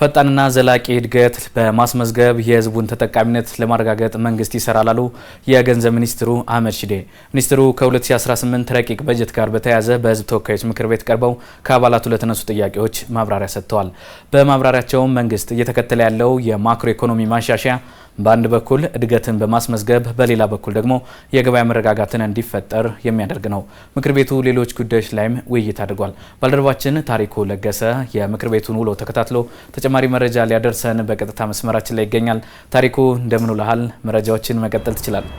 ፈጣንና ዘላቂ እድገት በማስመዝገብ የህዝቡን ተጠቃሚነት ለማረጋገጥ መንግስት ይሰራል አሉ የገንዘብ ሚኒስትሩ አህመድ ሽዴ። ሚኒስትሩ ከ2018 ረቂቅ በጀት ጋር በተያያዘ በህዝብ ተወካዮች ምክር ቤት ቀርበው ከአባላቱ ለተነሱ ጥያቄዎች ማብራሪያ ሰጥተዋል። በማብራሪያቸውም መንግስት እየተከተለ ያለው የማክሮ ኢኮኖሚ ማሻሻያ በአንድ በኩል እድገትን በማስመዝገብ በሌላ በኩል ደግሞ የገበያ መረጋጋትን እንዲፈጠር የሚያደርግ ነው። ምክር ቤቱ ሌሎች ጉዳዮች ላይም ውይይት አድርጓል። ባልደረባችን ታሪኩ ለገሰ የምክር ቤቱን ውሎ ተከታትሎ ተጨማሪ መረጃ ሊያደርሰን በቀጥታ መስመራችን ላይ ይገኛል። ታሪኩ እንደምን ውለሃል? መረጃዎችን መቀጠል ትችላለን።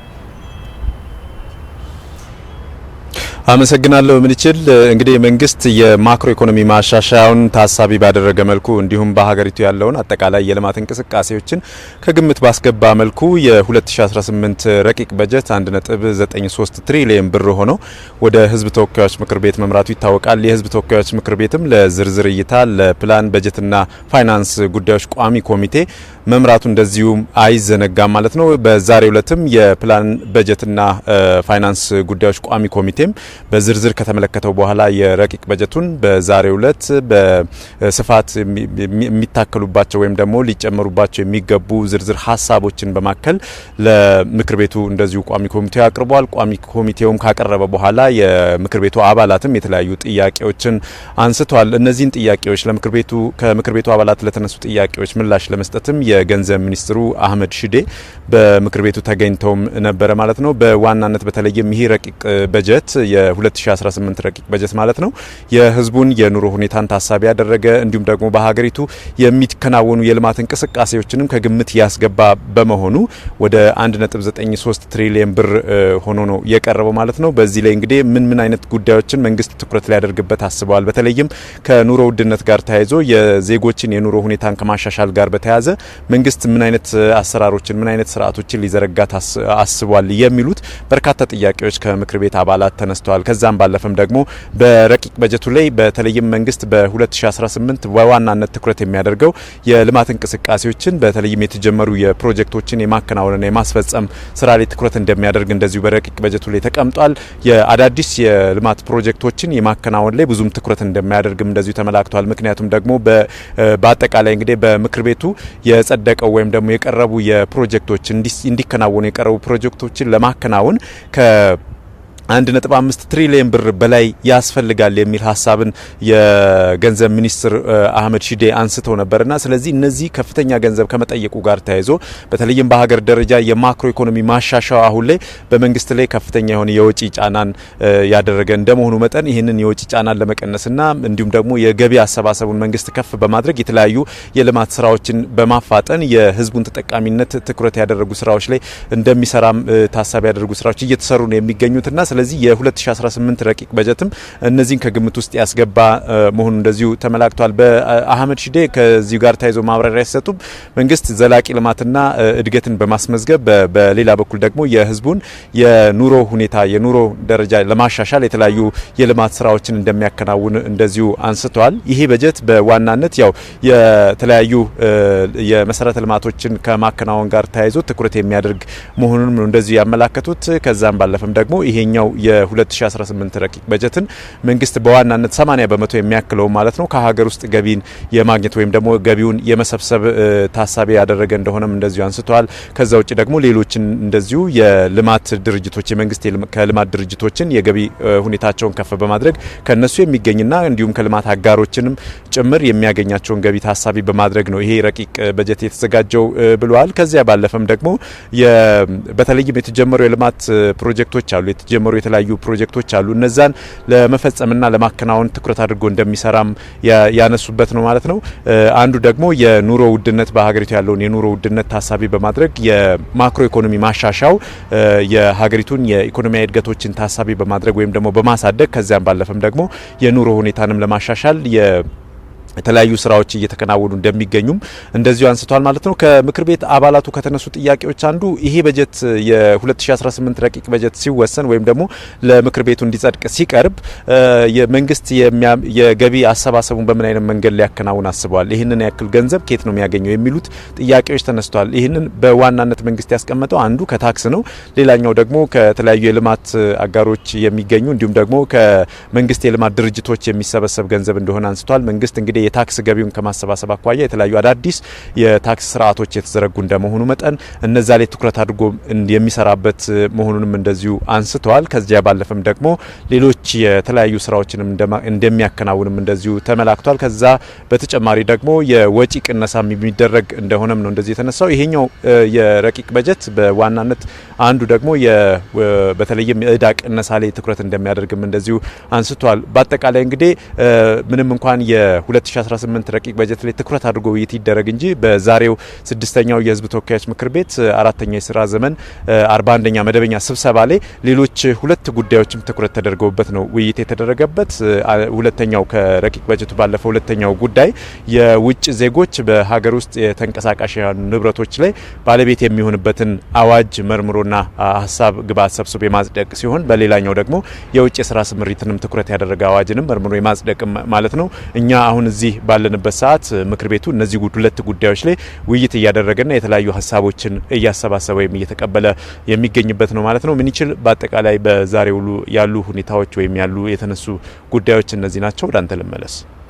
አመሰግናለሁ ምንችል። እንግዲህ መንግስት የማክሮ ኢኮኖሚ ማሻሻያውን ታሳቢ ባደረገ መልኩ እንዲሁም በሀገሪቱ ያለውን አጠቃላይ የልማት እንቅስቃሴዎችን ከግምት ባስገባ መልኩ የ2018 ረቂቅ በጀት 1.93 ትሪሊየን ብር ሆኖ ወደ ህዝብ ተወካዮች ምክር ቤት መምራቱ ይታወቃል። የህዝብ ተወካዮች ምክር ቤትም ለዝርዝር እይታ ለፕላን በጀትና ፋይናንስ ጉዳዮች ቋሚ ኮሚቴ መምራቱ እንደዚሁም አይዘነጋም ማለት ነው። በዛሬው ዕለትም የፕላን በጀትና ፋይናንስ ጉዳዮች ቋሚ ኮሚቴም በዝርዝር ከተመለከተው በኋላ የረቂቅ በጀቱን በዛሬው ዕለት በስፋት የሚታከሉባቸው ወይም ደግሞ ሊጨመሩባቸው የሚገቡ ዝርዝር ሀሳቦችን በማከል ለምክር ቤቱ እንደዚሁ ቋሚ ኮሚቴው አቅርቧል። ቋሚ ኮሚቴውም ካቀረበ በኋላ የምክር ቤቱ አባላትም የተለያዩ ጥያቄዎችን አንስተዋል። እነዚህን ጥያቄዎች ለምክር ቤቱ ከምክር ቤቱ አባላት ለተነሱ ጥያቄዎች ምላሽ ለመስጠትም የ የገንዘብ ሚኒስትሩ አህመድ ሽዴ በምክር ቤቱ ተገኝተውም ነበረ ማለት ነው። በዋናነት በተለይም ይህ ረቂቅ በጀት የ2018 ረቂቅ በጀት ማለት ነው የህዝቡን የኑሮ ሁኔታን ታሳቢ ያደረገ እንዲሁም ደግሞ በሀገሪቱ የሚከናወኑ የልማት እንቅስቃሴዎችንም ከግምት ያስገባ በመሆኑ ወደ 1.93 ትሪሊየን ብር ሆኖ ነው የቀረበው ማለት ነው። በዚህ ላይ እንግዲህ ምን ምን አይነት ጉዳዮችን መንግስት ትኩረት ሊያደርግበት አስበዋል? በተለይም ከኑሮ ውድነት ጋር ተያይዞ የዜጎችን የኑሮ ሁኔታን ከማሻሻል ጋር በተያያዘ መንግስት ምን አይነት አሰራሮችን ምን አይነት ስርዓቶችን ሊዘረጋ አስቧል የሚሉት በርካታ ጥያቄዎች ከምክር ቤት አባላት ተነስተዋል። ከዛም ባለፈም ደግሞ በረቂቅ በጀቱ ላይ በተለይም መንግስት በ2018 በዋናነት ትኩረት የሚያደርገው የልማት እንቅስቃሴዎችን በተለይም የተጀመሩ የፕሮጀክቶችን የማከናወንና የማስፈጸም ስራ ላይ ትኩረት እንደሚያደርግ እንደዚሁ በረቂቅ በጀቱ ላይ ተቀምጧል። የአዳዲስ የልማት ፕሮጀክቶችን የማከናወን ላይ ብዙም ትኩረት እንደሚያደርግም እንደዚሁ ተመላክቷል። ምክንያቱም ደግሞ በአጠቃላይ እንግዲህ በምክር ቤቱ የጸደቀው ወይም ደግሞ የቀረቡ የፕሮጀክቶች እንዲከናወኑ የቀረቡ ፕሮጀክቶችን ለማከናወን ከ 1.5 ትሪሊየን ብር በላይ ያስፈልጋል የሚል ሀሳብን የገንዘብ ሚኒስትር አህመድ ሺዴ አንስተው ነበርና ስለዚህ እነዚህ ከፍተኛ ገንዘብ ከመጠየቁ ጋር ተያይዞ በተለይም በሀገር ደረጃ የማክሮ ኢኮኖሚ ማሻሻው አሁን ላይ በመንግስት ላይ ከፍተኛ የሆነ የወጪ ጫናን ያደረገ እንደመሆኑ መጠን ይህንን የወጪ ጫናን ለመቀነስና እንዲሁም ደግሞ የገቢ አሰባሰቡን መንግስት ከፍ በማድረግ የተለያዩ የልማት ስራዎችን በማፋጠን የህዝቡን ተጠቃሚነት ትኩረት ያደረጉ ስራዎች ላይ እንደሚሰራም ታሳቢ ያደረጉ ስራዎች እየተሰሩ ነው የሚገኙትና ስለዚህ የ2018 ረቂቅ በጀትም እነዚህን ከግምት ውስጥ ያስገባ መሆኑ እንደዚሁ ተመላክቷል። በአህመድ ሽዴ ከዚሁ ጋር ተያይዞ ማብራሪያ ሲሰጡ መንግስት ዘላቂ ልማትና እድገትን በማስመዝገብ በሌላ በኩል ደግሞ የህዝቡን የኑሮ ሁኔታ የኑሮ ደረጃ ለማሻሻል የተለያዩ የልማት ስራዎችን እንደሚያከናውን እንደዚሁ አንስተዋል። ይሄ በጀት በዋናነት ያው የተለያዩ የመሰረተ ልማቶችን ከማከናወን ጋር ተያይዞ ትኩረት የሚያደርግ መሆኑንም እንደዚሁ ያመላከቱት። ከዛም ባለፈም ደግሞ ይሄኛው የ2018 ረቂቅ በጀትን መንግስት በዋናነት 80 በመቶ የሚያክለው ማለት ነው ከሀገር ውስጥ ገቢን የማግኘት ወይም ደግሞ ገቢውን የመሰብሰብ ታሳቢ ያደረገ እንደሆነም እንደዚሁ አንስተዋል። ከዛ ውጭ ደግሞ ሌሎችን እንደዚሁ የልማት ድርጅቶች የመንግስት ከልማት ድርጅቶችን የገቢ ሁኔታቸውን ከፍ በማድረግ ከነሱ የሚገኝና እንዲሁም ከልማት አጋሮችንም ጭምር የሚያገኛቸውን ገቢ ታሳቢ በማድረግ ነው ይሄ ረቂቅ በጀት የተዘጋጀው ብለዋል። ከዚያ ባለፈም ደግሞ በተለይም የተጀመሩ የልማት ፕሮጀክቶች አሉ የተጀመሩ የተለያዩ ፕሮጀክቶች አሉ። እነዛን ለመፈጸምና ለማከናወን ትኩረት አድርጎ እንደሚሰራም ያነሱበት ነው ማለት ነው። አንዱ ደግሞ የኑሮ ውድነት በሀገሪቱ ያለውን የኑሮ ውድነት ታሳቢ በማድረግ የማክሮ ኢኮኖሚ ማሻሻው የሀገሪቱን የኢኮኖሚያዊ እድገቶችን ታሳቢ በማድረግ ወይም ደግሞ በማሳደግ ከዚያም ባለፈም ደግሞ የኑሮ ሁኔታንም ለማሻሻል የተለያዩ ስራዎች እየተከናወኑ እንደሚገኙም እንደዚሁ አንስቷል ማለት ነው። ከምክር ቤት አባላቱ ከተነሱ ጥያቄዎች አንዱ ይሄ በጀት የ2018 ረቂቅ በጀት ሲወሰን ወይም ደግሞ ለምክር ቤቱ እንዲጸድቅ ሲቀርብ የመንግስት የገቢ አሰባሰቡን በምን አይነት መንገድ ሊያከናውን አስበዋል? ይህንን ያክል ገንዘብ ኬት ነው የሚያገኘው? የሚሉት ጥያቄዎች ተነስተዋል። ይህንን በዋናነት መንግስት ያስቀመጠው አንዱ ከታክስ ነው። ሌላኛው ደግሞ ከተለያዩ የልማት አጋሮች የሚገኙ እንዲሁም ደግሞ ከመንግስት የልማት ድርጅቶች የሚሰበሰብ ገንዘብ እንደሆነ አንስቷል። መንግስት እንግዲህ የታክስ ገቢውን ከማሰባሰብ አኳያ የተለያዩ አዳዲስ የታክስ ስርዓቶች የተዘረጉ እንደመሆኑ መጠን እነዛ ላይ ትኩረት አድርጎ የሚሰራበት መሆኑንም እንደዚሁ አንስተዋል። ከዚያ ባለፈም ደግሞ ሌሎች የተለያዩ ስራዎችንም እንደሚያከናውንም እንደዚሁ ተመላክቷል። ከዛ በተጨማሪ ደግሞ የወጪ ቅነሳ የሚደረግ እንደሆነም ነው እንደዚህ የተነሳው። ይሄኛው የረቂቅ በጀት በዋናነት አንዱ ደግሞ በተለይም የእዳ ቅነሳ ላይ ትኩረት እንደሚያደርግም እንደዚሁ አንስተዋል። በአጠቃላይ እንግዲህ ምንም እንኳን የ 2018 ረቂቅ በጀት ላይ ትኩረት አድርጎ ውይይት ይደረግ እንጂ በዛሬው ስድስተኛው የህዝብ ተወካዮች ምክር ቤት አራተኛ የስራ ዘመን 41ኛ መደበኛ ስብሰባ ላይ ሌሎች ሁለት ጉዳዮችም ትኩረት ተደርገውበት ነው ውይይት የተደረገበት። ሁለተኛው ከረቂቅ በጀቱ ባለፈ ሁለተኛው ጉዳይ የውጭ ዜጎች በሀገር ውስጥ የተንቀሳቃሽ ንብረቶች ላይ ባለቤት የሚሆንበትን አዋጅ መርምሮና ሀሳብ ግብዓት ሰብስቦ የማጽደቅ ሲሆን በሌላኛው ደግሞ የውጭ የስራ ስምሪትንም ትኩረት ያደረገ አዋጅንም መርምሮ የማጽደቅ ማለት ነው። እኛ አሁን እዚህ ባለንበት ሰዓት ምክር ቤቱ እነዚህ ሁለት ጉዳዮች ላይ ውይይት እያደረገና የተለያዩ ሀሳቦችን እያሰባሰበ ወይም እየተቀበለ የሚገኝበት ነው ማለት ነው። ምን ይችል በአጠቃላይ በዛሬው ውሎ ያሉ ሁኔታዎች ወይም ያሉ የተነሱ ጉዳዮች እነዚህ ናቸው። ወደ አንተ ልመለስ።